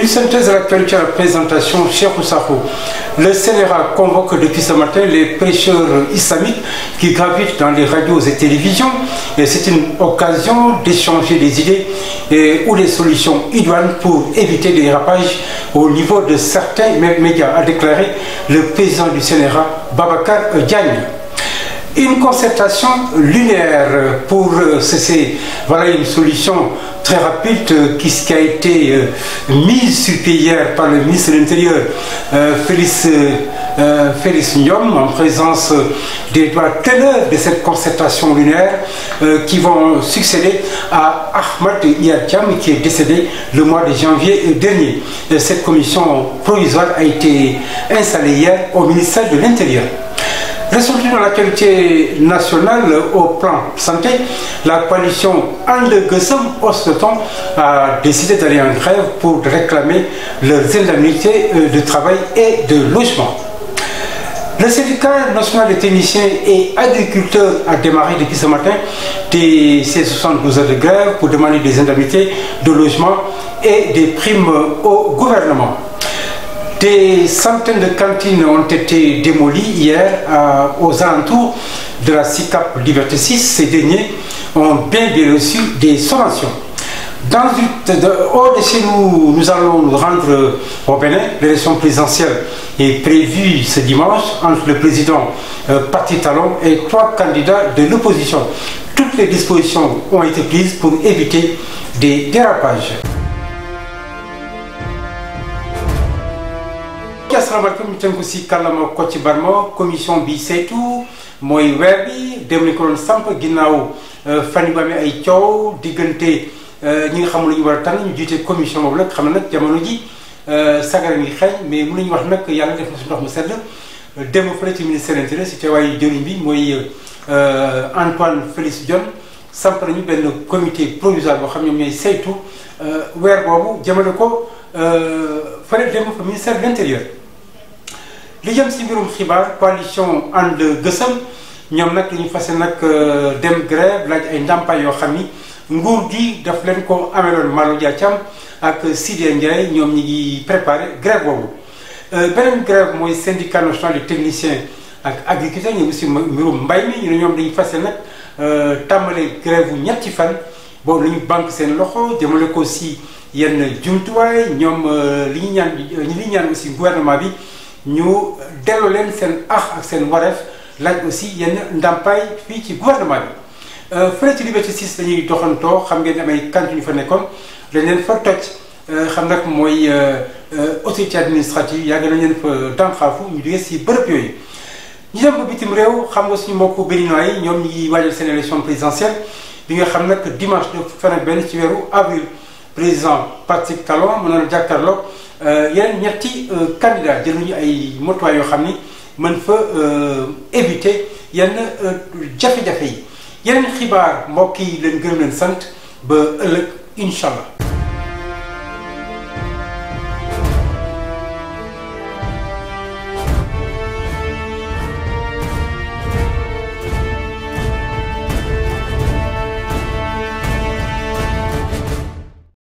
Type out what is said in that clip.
Une synthèse de l'actualité à la présentation, cher Oussafou. Le CNRA convoque depuis ce matin les pêcheurs islamiques qui gravitent dans les radios et télévisions. Et c'est une occasion d'échanger des idées et, ou des solutions idoines pour éviter des au niveau de certains médias, a déclaré le président du CNRA, Babacar Diagne. une concertation lunaire pour euh, cesser. Voilà une solution très rapide euh, qui, qui a été euh, mise sur pied hier par le ministre de l'Intérieur, Félix. Euh, Félix Nium en présence des trois teneurs de cette concertation lunaire euh, qui vont succéder à Ahmad Yadjam qui est décédé le mois de janvier dernier. Et cette commission provisoire a été installée hier au ministère de l'Intérieur. Résolue dans l'actualité nationale au plan la coalition Andegesem Osteton a décidé d'aller en grève pour réclamer leurs euh, de travail et de logement. Le syndicat national des techniciens et agriculteurs a de grève pour demander des indemnités de logement Des centaines de cantines ont été démolies hier euh, aux alentours de la CICAP Liberté 6. Ces derniers ont bien, reçu des sommations. Dans une, de, hors de chez nous, nous allons nous rendre au Bénin. L'élection présidentielle est prévue ce dimanche entre le président euh, Patrick Talon et trois candidats de l'opposition. Toutes les dispositions ont été prises pour éviter des dérapages. asalaam aleykum ñu tënku si kàllaama Kocc Barma commission bi saytu mooy weer bi dem ko doon samp ginnaaw euh, fan yu amee ay coow diggante euh, ñi nga xamul lu ñu war a ñu jiite commission boobu nag xam na nag jamono ji euh, sagara ngi xëy mais mën nañu wax nag yàlla def na su ndox mu sedd démb fële ci ministère intérieur si teewaayu jëriñ bi mooy Antoine Félix Diome samp nañu benn comité provisoire boo xam ñoom ñooy saytu weer boobu jëmale ko fële dem fa ministère l'intérieur li jëm si mbirum xibaar coalition ànd gësam ñoom nag dañu fase nag euh, dem grève laaj ay ndàmpaay yoo xam ni nguur gi daf leen ko ameloon Malo Dia Thiam ak Sidé Ndiaye ñoom ñi ngi préparé grève boobu euh, beneen grève mooy syndicat national des techniciens ak agriculteurs ñu ngi si mbirum mbay mi ñu ne ñoom dañu fase nag euh, tàmbale grève bu ñetti fan boobu la ñu seen loxo jëmale ko si yenn jumtuwaay ñoom euh, li ñu ñaan euh, li ñu ñaan si gouvernement bi ñu delloo leen seen ax ak seen wareef laaj aussi yenn ndàmpaay fii ci gouvernement bi euh, fële ci Liberté 6 dañuy doxantoo xam ngeen amay kant ñu fa nekkoon dañ leen fa toj xam nag mooy autorité administrative yàgg nañ leen fa dànqaafu ñu jógee si bërëb yooyu ñu dem ba bitim réew xam nga suñu mbokku béninois yi ñoom ñi waajal seen élection présidentielle bi nga xam nag dimanche de fan benn ci weeru avril président Patrick Talon mën na jàkkaarloog euh, yeneen ñetti euh, candidat jël nañu ay motuwaay yoo xam ni mën fa euh, éviter yenn jafe-jafe yi yeneen xibaar mbokk yi leen gërëm leen sant ba ëllëg incha allah.